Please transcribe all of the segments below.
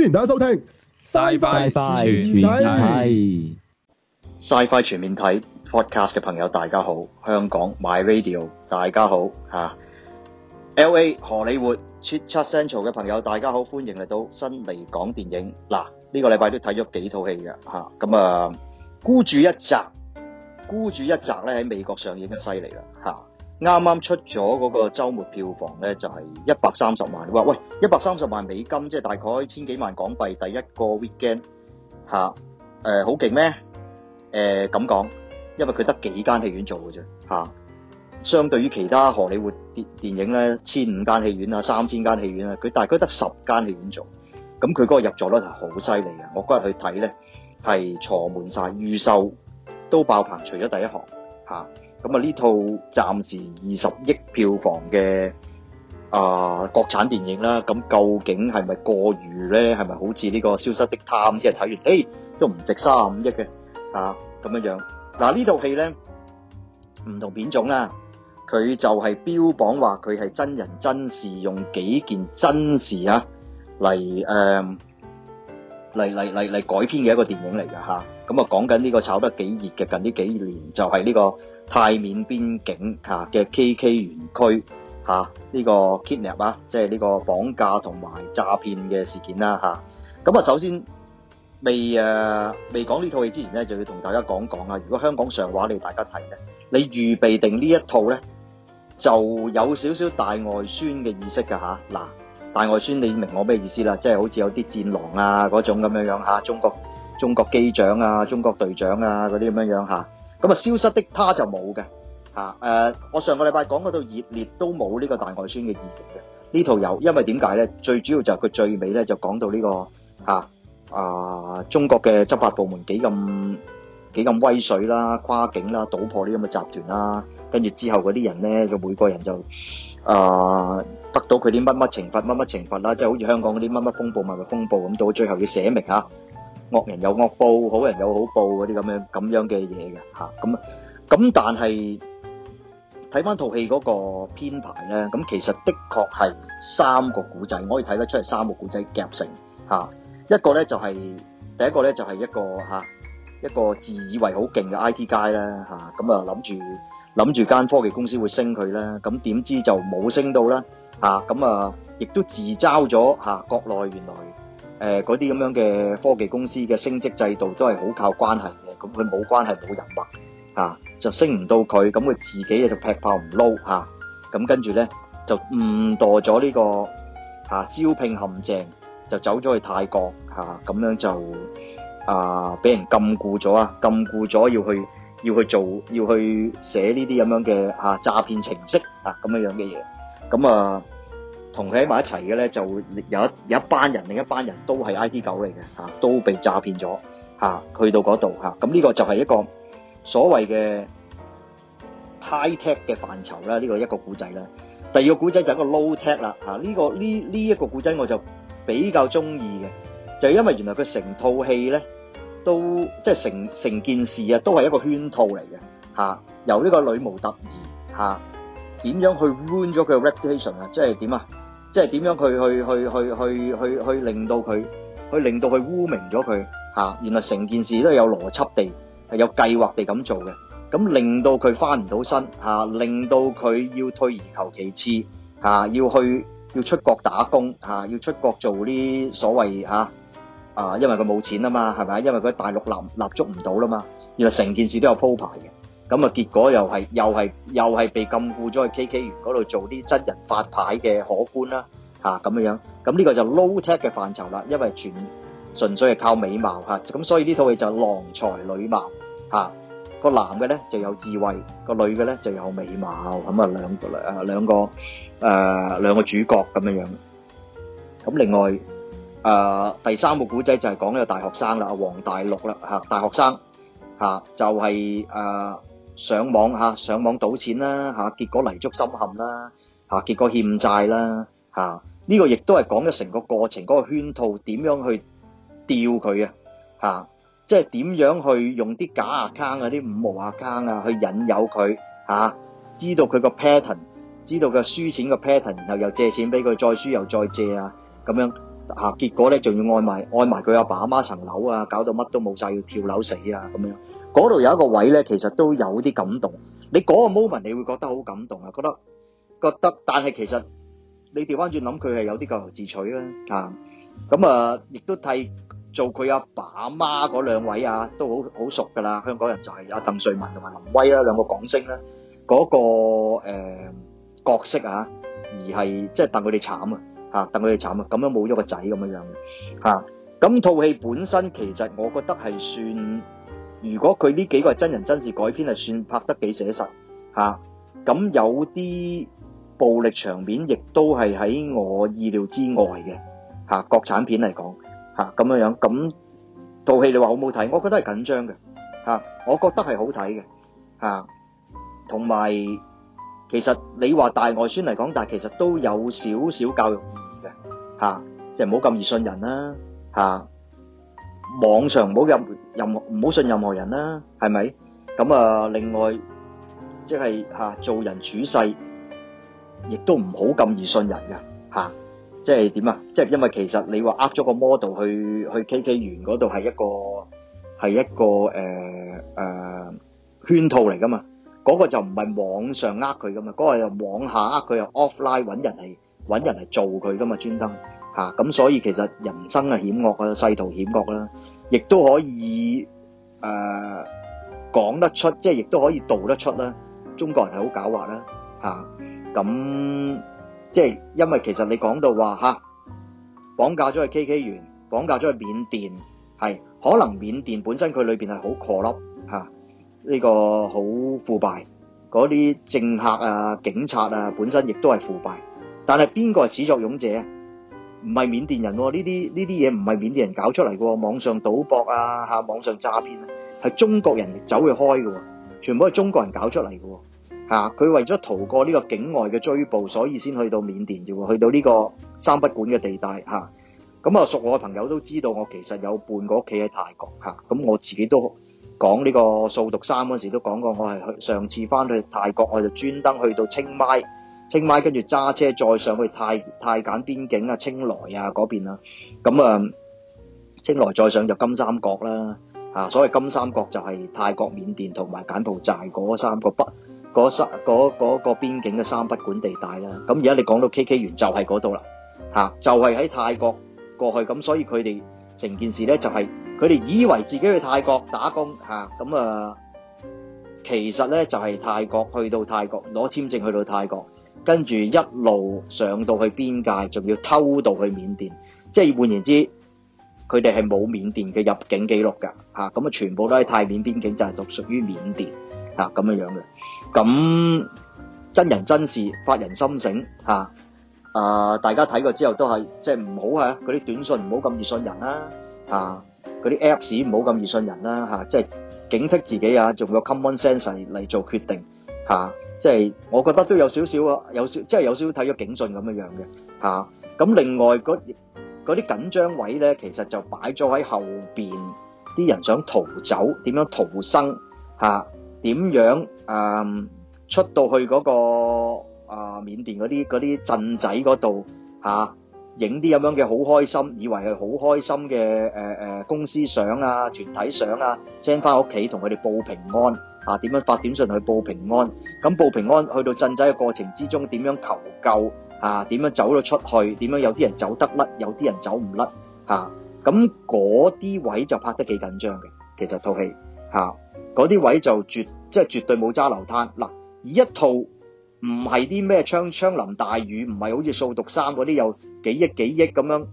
歡迎大家收聽，SciFi 全，全，全面，SciFi 全面睇 podcast 嘅朋友大家好，香港 My Radio 大家好吓，LA 荷里活 cha cha central 嘅朋友大家好，歡迎嚟到辛尼講電影嗱，呢、呢個禮拜都睇咗幾套戲嘅吓，咁啊孤注一擲，孤注一擲咧喺美國上映得犀利啦，吓。啊啱啱出咗嗰個周末票房咧，就係一百三十萬。話喂，一百三十萬美金，即係大概千幾萬港幣。第一個 Weekend 吓、啊，誒、呃，好勁咩？誒、呃，咁講，因為佢得幾間戲院做嘅啫。吓、啊，相對於其他荷里活電電影咧，千五間戲院啊，三千間戲院啊，佢大概得十間戲院做。咁佢嗰個入座率係好犀利嘅。我嗰日去睇咧，係坐滿晒，預售都爆棚，除咗第一行吓。啊咁啊！呢套暫時二十億票房嘅啊、呃，國產電影啦。咁究竟係咪過餘咧？係咪好似呢個《消失的她》，一啲人睇完，誒都唔值三十五億嘅啊？咁樣樣嗱，啊、呢套戲咧，唔同片種啦，佢就係標榜話佢係真人真事，用幾件真事啊嚟誒嚟嚟嚟嚟改編嘅一個電影嚟嘅嚇。咁啊，講緊呢個炒得幾熱嘅近呢幾年就係呢個。泰緬邊境嚇嘅 KK 園區嚇呢個 Kidnap 啊，即係呢個綁架同埋詐騙嘅事件啦嚇。咁啊，啊，首先未誒、啊、未講呢套戲之前咧，就要同大家講講啊。如果香港上畫你大家睇咧，你預備定呢一套咧，就有少少大外宣嘅意識噶吓，嗱、啊，大外宣你明我咩意思啦？即係好似有啲戰狼啊嗰種咁樣樣嚇、啊，中國中國機長啊、中國隊長啊嗰啲咁樣樣嚇。啊咁啊！消失的他就冇嘅、啊，我上個禮拜講嗰套熱烈都冇呢個大外宣嘅意圖嘅，呢套有，因為點解咧？最主要就係佢最尾咧就講到呢、呢個啊，啊！中國嘅執法部門幾咁幾咁威水啦，跨境啦，搗破呢咁嘅集團啦，跟住之後嗰啲人咧，就每個人就啊得到佢啲乜乜懲罰乜乜懲罰啦，即、就、係、是、好似香港嗰啲乜乜風暴乜乜風暴咁，到最後要寫明惡人有惡報，好人有好報嗰啲咁樣咁樣嘅嘢嘅吓，咁咁但係睇翻套戲嗰個編排咧，咁其實的確係三個古仔，我可以睇得出係三個古仔夾成吓，一個咧就係第一個咧就係一個吓一個自以為好勁嘅 IT guy 啦，吓，咁啊諗住諗住間科技公司會升佢啦，咁點知就冇升到啦吓，咁啊亦都自嘲咗吓國內原來。誒嗰啲咁樣嘅科技公司嘅升職制度都係好靠關係嘅，咁佢冇關係冇人脈，啊，就升唔到佢，咁佢自己就劈炮唔撈咁，跟住咧就誤墮咗呢個，啊、招聘陷阱，就走咗去泰國嚇，咁樣就啊俾人禁錮咗啊，禁錮咗要去要去做要去寫呢啲咁樣嘅嚇詐騙程式啊咁樣樣嘅嘢，咁啊～同佢喺埋一齊嘅咧，就會有一有一班人，另一班人都係 I T 狗嚟嘅嚇，都被詐騙咗嚇，去到嗰度嚇，咁呢個就係一個所謂嘅 high tech 嘅範疇啦，呢個一個古仔啦。第二個古仔就係一個 low tech 啦嚇，呢個呢呢一個古仔我就比較中意嘅，就係因為原來佢成套戲咧都即係成成件事啊，都係一個圈套嚟嘅嚇，由呢個女模特兒嚇點樣去 ruin 咗佢嘅 reputation 啊？即係點啊？即係點樣佢去去去去去去令到佢，去令到佢污名咗佢吓，原來成件事都有邏輯地，有計劃地咁做嘅，咁令到佢翻唔到身吓，令到佢要退而求其次吓，要去要出國打工吓，要出國做啲所謂吓啊，因為佢冇錢啊嘛，係咪？因為佢大陸立，立足唔到啦嘛，原來成件事都有鋪排嘅。咁啊！結果又係又係又係被禁錮咗喺 K K 園嗰度做啲真人發牌嘅可觀啦，吓咁樣樣。咁呢個就 low tech 嘅範疇啦，因為全純粹係靠美貌吓，咁、啊、所以呢套戲就郎才女貌吓，個、啊、男嘅咧就有智慧，個女嘅咧就有美貌，咁啊兩個啊兩個誒兩、呃、個主角咁樣樣。咁、啊、另外誒、啊、第三個古仔就係講一個大學生啦，阿、啊、王大陸啦吓、啊，大學生吓、啊、就係、是、誒。啊上網嚇、啊，上網賭錢啦嚇、啊，結果泥足深陷啦嚇、啊，結果欠債啦嚇，呢、啊呢個亦都係講咗成個過程，嗰、嗰個圈套點樣去釣佢啊嚇，即係點樣去用啲假 account 嗰啲五毛 account 啊去引誘佢嚇、啊，知道佢個 pattern，知道佢輸錢個 pattern，然後又借錢俾佢，再輸又再借啊，咁樣嚇，結果咧仲要按埋按埋佢阿爸阿媽層樓啊，搞到乜都冇晒，要跳樓死啊咁樣。嗰度有一個位咧，其實都有啲感動。你嗰個 moment，你會覺得好感動啊，覺得覺得。但係其實你調翻轉諗，佢係有啲咎由自取啦。咁啊，亦、啊啊、都替做佢阿爸阿媽嗰兩位啊，都好好熟噶啦。香港人就係、是、阿鄧萃雯同埋林威啦、啊、兩個港星啦嗰、那個、呃、角色啊，而係即係戥佢哋慘啊嚇，戥佢哋慘啊，咁、啊啊、樣冇咗個仔咁樣樣。咁套戲本身其實我覺得係算。如果佢呢幾個真人真事改編，係算拍得幾寫實、啊、咁有啲暴力場面亦都係喺我意料之外嘅嚇。國產片嚟講、啊、咁樣樣，咁、啊、套戲你話好唔好睇？我覺得係緊張嘅、啊、我覺得係好睇嘅。同埋其實你話大外孫嚟講，但其實都有少少教育意義嘅。即係唔好咁易信人啦、啊啊網上唔好任任何唔好信任何人啦，係咪？咁啊，另外即係吓做人處世，亦都唔好咁易信人㗎吓。即係點啊？即係因為其實你話呃咗個 model 去去 KK 園嗰度係一個係一個誒誒圈套嚟㗎嘛？嗰個就唔係網上呃佢㗎嘛？嗰個又網下呃佢，又 offline 揾人嚟揾人嚟做佢㗎嘛？專登。吓、啊、咁，所以其實人生啊險惡啊，世途險惡啦，亦都可以誒、呃、講得出，即係亦都可以道得出啦。中國人係好狡猾啦，咁即係，就是、因為其實你講到話吓綁架咗去 K K 園，綁架咗去，去緬甸，係可能緬甸本身佢裏面係好 corrupt 吓呢個好腐敗，嗰啲政客啊、警察啊，本身亦都係腐敗，但係邊個係始作俑者？唔係緬甸人喎，呢啲呢啲嘢唔係緬甸人搞出嚟嘅，網上賭博啊，嚇，網上詐騙啊、係、中國人走去開嘅，全部係中國人搞出嚟嘅，佢、啊、為咗逃過呢個境外嘅追捕，所以先去到緬甸啫，去到呢個三不管嘅地帶嚇，咁啊，我熟我嘅朋友都知道，我其實有半個屋企喺泰國咁、啊、我自己都講呢個掃毒三嗰時都講過，我係去上次返去泰國，我就專登去到清邁。清邁，跟住揸車再上去泰泰柬邊境啊、清萊啊嗰邊啦。咁啊，清萊再上就金三角啦。啊，所謂金三角就係泰國、緬甸同埋柬埔寨嗰三個北嗰三嗰嗰個邊境嘅三不管地帶啦。咁而家你講到 KK 園就係嗰度啦。嚇，就係喺泰國過去。咁所以佢哋成件事呢，就係佢哋以為自己去泰國打工嚇，咁啊，其實呢，就係泰國去到泰國攞簽證去到泰國。跟住一路上到去邊界，仲要偷渡去緬甸，即係換言之，佢哋係冇緬甸嘅入境記錄㗎吓，咁啊，全部都喺泰緬邊境就係、屬、屬於緬甸吓，咁、啊、樣樣嘅。咁、啊、真人真事，發人心醒吓、啊，啊！大家睇過之後都係即係唔好啊！嗰啲短信唔好咁易信人啦、啊，吓嗰啲 Apps 唔好咁易信人啦、啊、吓、啊，即係警惕自己啊，仲有 common sense 嚟做決定吓。啊即係我覺得都有少少啊，有少少即係有少少睇咗警訊咁嘅樣嘅咁、啊、另外嗰啲緊張位咧，其實就擺咗喺後邊，啲人想逃走，點樣逃生嚇？點、啊、樣、嗯、出到去嗰、嗰個啊緬甸嗰啲嗰啲鎮仔嗰度嚇？影啲咁樣嘅好開心，以為係好開心嘅誒、呃、公司相啊、團體相啊，send 翻屋企同佢哋報平安。啊，點樣發短信去報平安？咁報平安去到鎮仔嘅過程之中，點樣求救？啊，點樣走咗出去？點樣有啲人走得甩，有啲人走唔甩？吓，咁嗰啲位就拍得幾緊張嘅。其實套戲吓，嗰啲位就絕，即係絕對冇揸流灘。嗱，以一套唔係啲咩槍槍林大雨，唔係好似掃毒三嗰啲有幾億幾億咁樣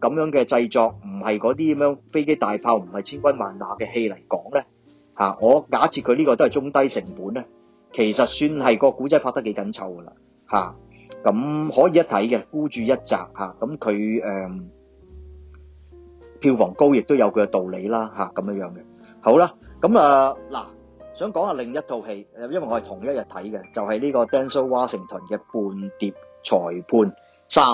咁樣嘅製作，唔係嗰啲咁樣飛機大炮，唔係千軍萬馬嘅戲嚟講咧。嚇、啊！我假設佢呢個都係中低成本咧，其實算係個古仔拍得幾緊湊噶啦，咁可以一睇嘅孤注一擲。咁佢誒票房高，亦都有佢嘅道理啦咁、啊、樣嘅好啦。咁啊嗱、啊，想講下另一套戲，因為我係同一日睇嘅，就係、是、呢個、Denzel、Washington 嘅《叛諜裁判三、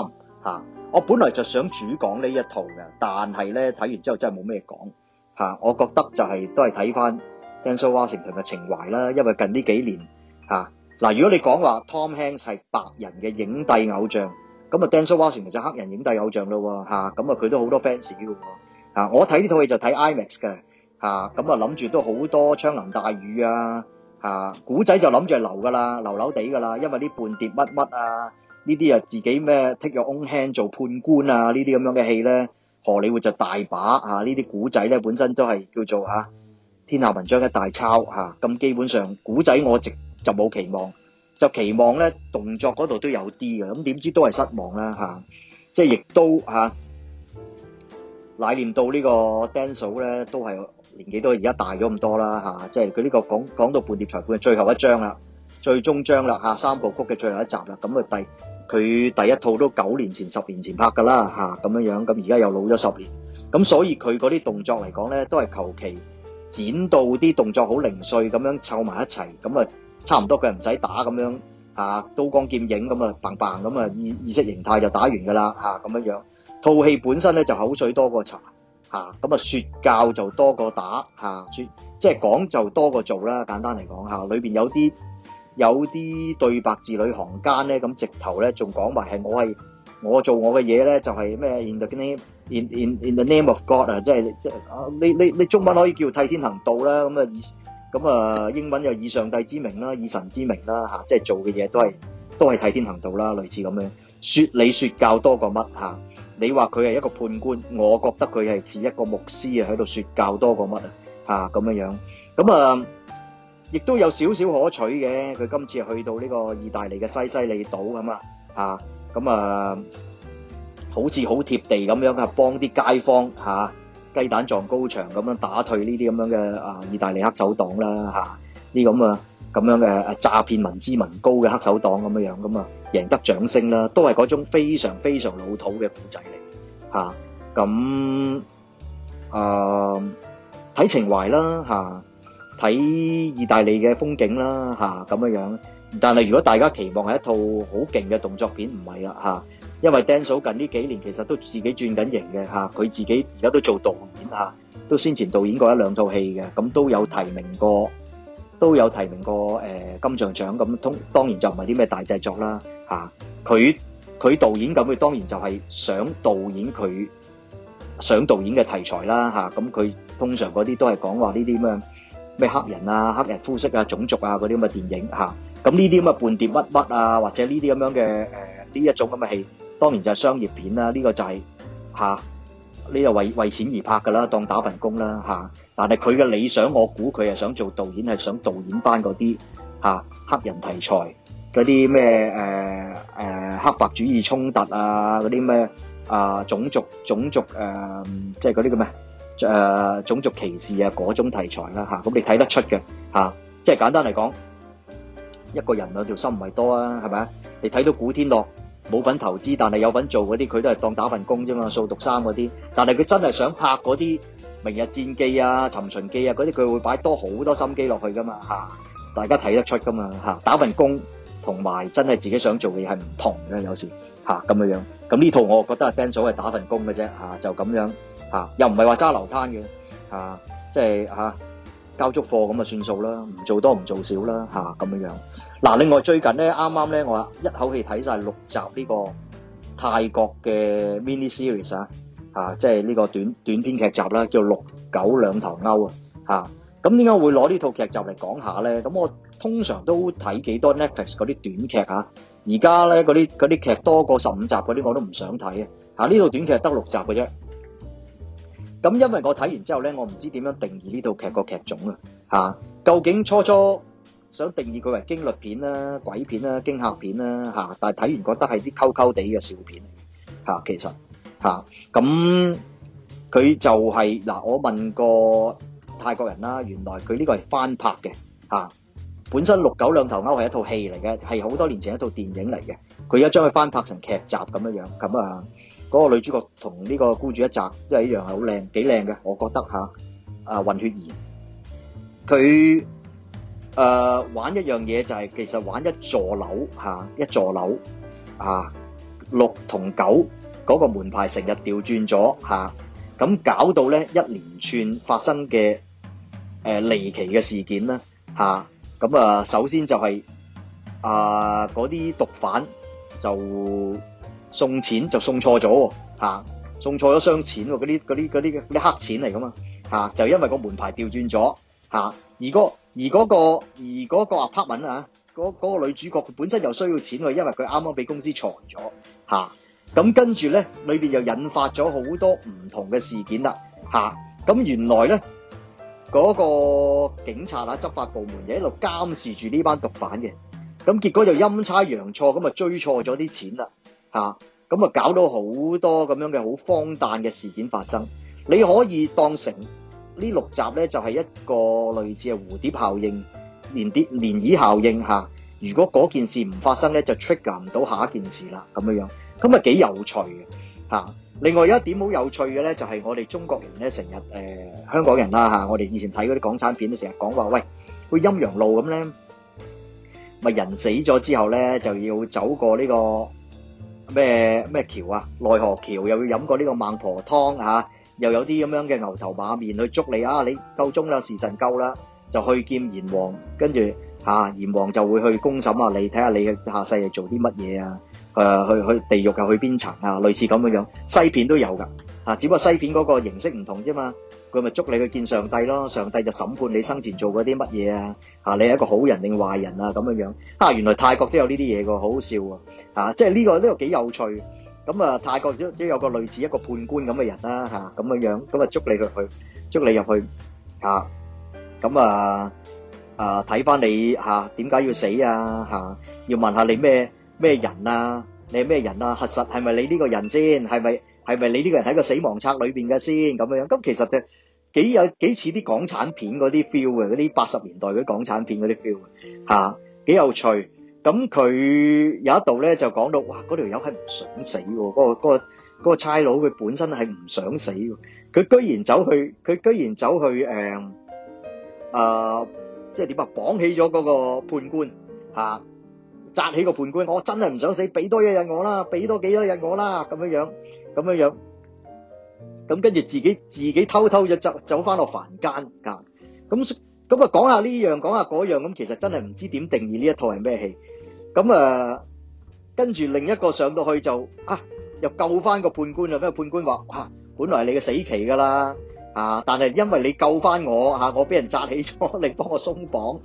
啊》我本來就想主講呢一套嘅，但係咧睇完之後真係冇咩講、啊、我覺得就係、是、都係睇翻。Denzel Washington 嘅情懷啦，因為近呢幾年嚇嗱，如果你講話 Tom Hanks 係白人嘅影帝偶像，咁啊 Denzel Washington 就黑人影帝偶像咯喎嚇，咁啊佢都好多 fans 嘅喎嚇，我睇呢套戲就睇 IMAX 嘅嚇，咁啊諗住都好多槍林彈雨啊嚇，故仔就諗住係流噶啦，流流地噶啦，因為呢半碟乜乜啊呢啲啊自己咩 take on hand 做判官啊呢啲咁樣嘅戲咧，荷里活就大把嚇呢啲故仔咧本身都係叫做嚇。天下文章一大抄嚇，咁基本上古仔我直就冇期望，就期望咧動作嗰度都有啲嘅，咁點知都係失望啦嚇，即係亦都嚇。懷、啊、念到這個呢個丹素咧，都係年紀都而家大咗咁多啦嚇、啊，即係佢呢個講講到叛諜裁判嘅最後一章啦，最終章啦嚇、啊，三部曲嘅最後一集啦，咁啊第佢第一套都九年前、十年前拍㗎啦嚇，咁、啊、樣樣咁而家又老咗十年，咁所以佢嗰啲動作嚟講咧都係求其。剪到啲動作好零碎咁樣湊埋一齊，咁啊差唔多佢唔使打咁樣啊，刀光劍影咁啊棒棒。咁啊意意識形態就打完噶啦嚇，咁樣樣，套戲本身咧就口水多過茶嚇，咁啊説教就多過打嚇，説、啊、即係講就多過做啦，簡單嚟講嚇，裏、啊、面有啲有啲對白字裏行間咧，咁直頭咧仲講埋係我係我做我嘅嘢咧，就係咩現代啲。in in in the name of God 啊，即係即係啊，你你你中文可以叫替天行道啦，咁啊以咁啊英文又以上帝之名啦，以神之名啦吓，即係做嘅嘢都係都係替天行道啦，類似咁樣。說你說教多過乜吓？你話佢係一個判官，我覺得佢係似一個牧師啊，喺度說教多過乜啊吓咁樣樣。咁啊，亦都有少少可取嘅。佢今次去到呢個意大利嘅西西里島咁啊吓，咁啊。好似好貼地咁樣，佢幫啲街坊、啊、雞蛋撞高牆咁樣打退呢啲咁樣嘅啊意大利黑手黨啦呢，咁啊咁樣嘅誒詐騙民脂民膏嘅黑手黨咁樣樣，咁啊贏得掌聲啦、啊，都係嗰種非常非常老土嘅古仔嚟嚇。咁啊睇、啊、情懷啦，睇、啊、意大利嘅風景啦嚇，咁樣樣。但係如果大家期望係一套好勁嘅動作片，唔係啦嚇。因為 Denzel 近呢幾年其實都自己轉緊型嘅嚇，佢自己而家都做導演嚇，都先前導演過一兩套戲嘅，咁都有提名過，都有提名過誒金像獎咁。通當然就唔係啲咩大製作啦嚇，佢佢導演咁，佢當然就係想導演佢想導演嘅題材啦嚇。咁佢通常嗰啲都係講話呢啲咩咩黑人啊、黑人膚色啊、種族啊嗰啲咁嘅電影嚇。咁呢啲咁嘅半碟乜乜啊，或者呢啲咁樣嘅誒呢一種咁嘅戲。當然就係商業片啦，呢、這個就係、是、嚇，呢、啊這個為為錢而拍嘅啦，當打份工啦嚇、啊。但係佢嘅理想，我估佢係想做導演，係想導演翻嗰啲嚇黑人題材嗰啲咩誒誒黑白主義衝突啊，嗰啲咩啊種族種族誒即係啲叫咩誒種族歧視啊嗰種題材啦嚇。咁、啊、你睇得出嘅嚇、啊，即係簡單嚟講，一個人有條心唔係多啊，係咪？你睇到古天樂。冇份投資，但係有份做嗰啲，佢都係當打份工啫嘛，掃毒三嗰啲。但係佢真係想拍嗰啲《明日戰記、啊啊》啊，《尋秦記》啊嗰啲，佢會擺多好多心機落去噶嘛嚇，大家睇得出噶嘛嚇，打份工同埋真係自己想做嘅嘢係唔同嘅，有時咁樣、嚇、樣。咁呢套我覺得丹素係打份工嘅啫、嚇、就咁樣、嚇、又唔係話揸流攤嘅嚇，即係交足貨咁啊算數啦，唔做多唔做少啦咁樣嗱，另外最近咧啱啱咧，我一口氣睇晒六集呢個泰國嘅 mini series 啊，啊即係呢個短短篇劇集啦，叫六《六九兩頭勾》啊，咁點解會攞呢套劇集嚟講下咧？咁我通常都睇幾多 Netflix 嗰啲短劇嚇、啊，而家咧嗰啲啲劇多過十五集嗰啲我都唔想睇啊。嚇，呢套短劇得六集嘅啫。咁因為我睇完之後咧，我唔知點樣定義呢套劇個劇種啊！吓，究竟初初想定義佢為驚悚片啦、鬼片啦、驚嚇片啦吓、啊，但係睇完覺得係啲溝溝地嘅笑片吓、啊、其實吓咁佢就係、是、嗱、啊，我問過泰國人啦，原來佢呢個係翻拍嘅吓、啊，本身六九兩頭勾係一套戲嚟嘅，係好多年前一套電影嚟嘅，佢而家將佢翻拍成劇集咁樣樣，咁啊。嗰個女主角同呢個孤注一擲，因為一樣係好靚，幾靚嘅，我覺得嚇。啊，混血兒，佢誒玩一樣嘢就係其實玩一座樓嚇，一座樓啊，六同九嗰個門牌成日調轉咗嚇，咁搞到咧一連串發生嘅誒離奇嘅事件咧嚇，咁啊首先就係啊嗰啲毒販就送錢就送錯咗，吓送錯咗箱錢，嗰啲嗰啲啲啲黑錢嚟噶嘛，吓就因為嗰個門牌調轉咗，吓而嗰、嗰個、而、嗰個而嗰個阿柏文啊，嗰、嗰個女主角佢本身又需要錢，因為佢啱啱俾公司裁咗，吓咁跟住咧裏邊又引發咗好多唔同嘅事件啦，吓咁原來咧嗰、嗰個警察啦執法部門又一路監視住呢班毒販嘅，咁結果就陰差陽錯咁啊追錯咗啲錢啦。吓，咁啊搞到好多咁樣嘅好荒誕嘅事件發生，你可以當成呢六集呢，就係一個類似係蝴蝶效應、連跌漣漪效應吓。如果嗰件事唔發生呢，就 trigger 唔到下一件事啦，咁樣樣咁啊幾有趣嘅吓。另外有一點好有趣嘅呢，就係我哋中國人呢，成日誒香港人啦吓，我哋以前睇嗰啲港產片都成日講話喂去陰陽路咁呢，咪人死咗之後呢，就要走過呢個。咩咩橋啊，奈何橋又要飲過呢個孟婆湯吓、啊，又有啲咁樣嘅牛頭馬面去捉你啊！你夠鐘啦，時辰夠啦，就去見閻王，跟住吓閻王就會去公審啊你，睇下你下世係做啲乜嘢啊？誒、啊，去去地獄又、啊、去邊層啊？類似咁樣樣，西片都有噶。啊！只不過西片嗰個形式唔同啫嘛，佢咪捉你去見上帝咯？上帝就審判你生前做過啲乜嘢啊！嚇，你係一個好人定壞人啊？咁樣樣啊，原來泰國都有呢啲嘢個，好好笑啊！嚇，即係呢個都有幾有趣。咁啊，泰國都都有個類似一個判官咁嘅人啦嚇，咁樣樣咁啊，捉你去去，捉你入去嚇。咁啊啊，睇翻你嚇點解要死啊嚇？要問下你咩咩人啊？你係咩人啊？核實係咪你呢個人先？係咪？係咪你呢個人喺個死亡冊裏邊嘅先咁樣？咁其實嘅幾有幾似啲港產片嗰啲 feel 嘅，嗰啲八十年代嗰啲港產片嗰啲 feel 啊，嚇幾有趣。咁佢有一度咧就講到，哇！嗰條友係唔想死喎，嗰個嗰個嗰個差佬佢本身係唔想死，佢居然走去佢居然走去誒，啊！即係點啊？綁起咗嗰個判官嚇。扎起個判官，我真係唔想死，俾多一日我啦，俾多幾多日我啦，咁樣樣，咁樣樣，咁跟住自己自己偷偷嘅走走翻落凡間，咁咁啊講下呢樣，講下嗰樣，咁其實真係唔知點定義呢一套係咩戲，咁啊跟住另一個上到去就啊又救翻個判官啦，咁啊判官話哇，本來係你嘅死期噶啦。啊！但係因為你救翻我，啊、我俾人紮起咗，你幫我鬆綁，呵呵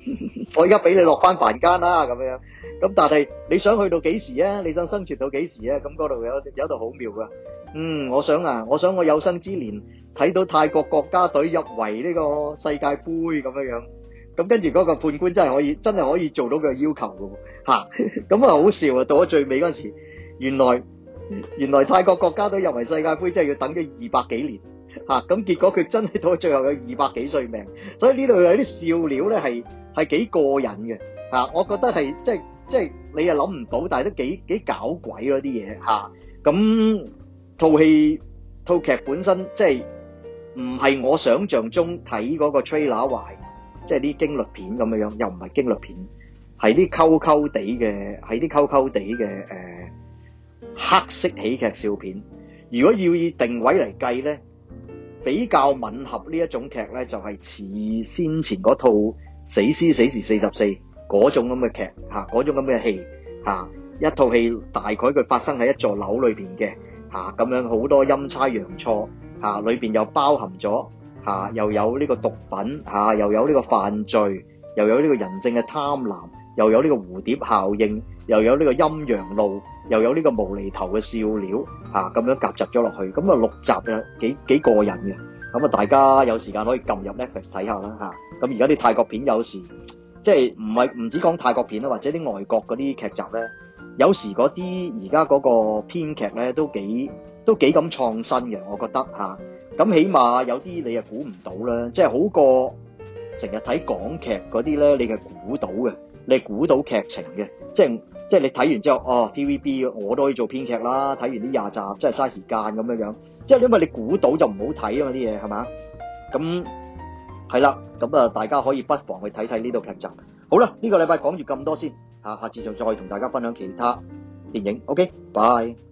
我而家俾你落翻凡間啦咁樣。咁但係你想去到幾時啊？你想生存到幾時啊？咁嗰度有有度好妙噶。嗯，我想啊，我想我有生之年睇到泰國國家隊入圍呢個世界盃咁樣樣。咁跟住嗰個判官真係可以，真係可以做到佢要求嘅喎嚇。咁啊好笑啊！到咗最尾嗰陣時，原來原來泰國國家隊入圍世界盃真係，就是，要等咗二百幾年。咁、啊、結果佢真係到最後有二百幾歲命，所以呢度有啲笑料咧，係係幾過癮嘅嚇。我覺得係即係即係你又諗唔到，但係都幾幾搞鬼咯啲嘢嚇。咁、啊、套戲套劇本身即係唔係我想象中睇嗰個 trailer 話係即係啲驚慄片咁樣樣，又唔係驚慄片，係啲溝溝地嘅，係啲溝溝地嘅、呃、黑色喜劇笑片。如果要以定位嚟計咧。比較吻合呢一種劇呢，就係似先前嗰套《死屍死時四十四》嗰種咁嘅劇嚇，嗰種咁嘅戲嚇，一套戲大概佢發生喺一座樓裏面嘅嚇，咁樣好多陰差陽錯嚇，裏面又包含咗嚇，又有呢個毒品嚇，又有呢個犯罪，又有呢個人性嘅貪婪，又有呢個蝴蝶效應，又有呢個陰陽路，又有呢個無厘頭嘅笑料，嚇咁樣夾雜咗落去，咁啊六集啊幾幾過癮嘅。咁啊，大家有時間可以撳入 Netflix 睇下啦，嚇。咁而家啲泰國片有時即係唔係唔止講泰國片啦，或者啲外國嗰啲劇集咧，有時嗰啲而家嗰個編劇咧都幾都幾咁創新嘅，我覺得嚇。咁起碼有啲你啊估唔到啦，即係好過成日睇港劇嗰啲咧，你係估到嘅。你估到劇情嘅，即係即係你睇完之後，哦，TVB 我都可以做編劇啦。睇完呢廿集，真係嘥時間咁樣樣。即係因為你估到就唔好睇啊嘛，啲嘢係嘛？咁係啦，咁啊大家可以不妨去睇睇呢套劇集。好啦，呢個禮拜講住咁多先，下下次就再同大家分享其他電影。OK，bye。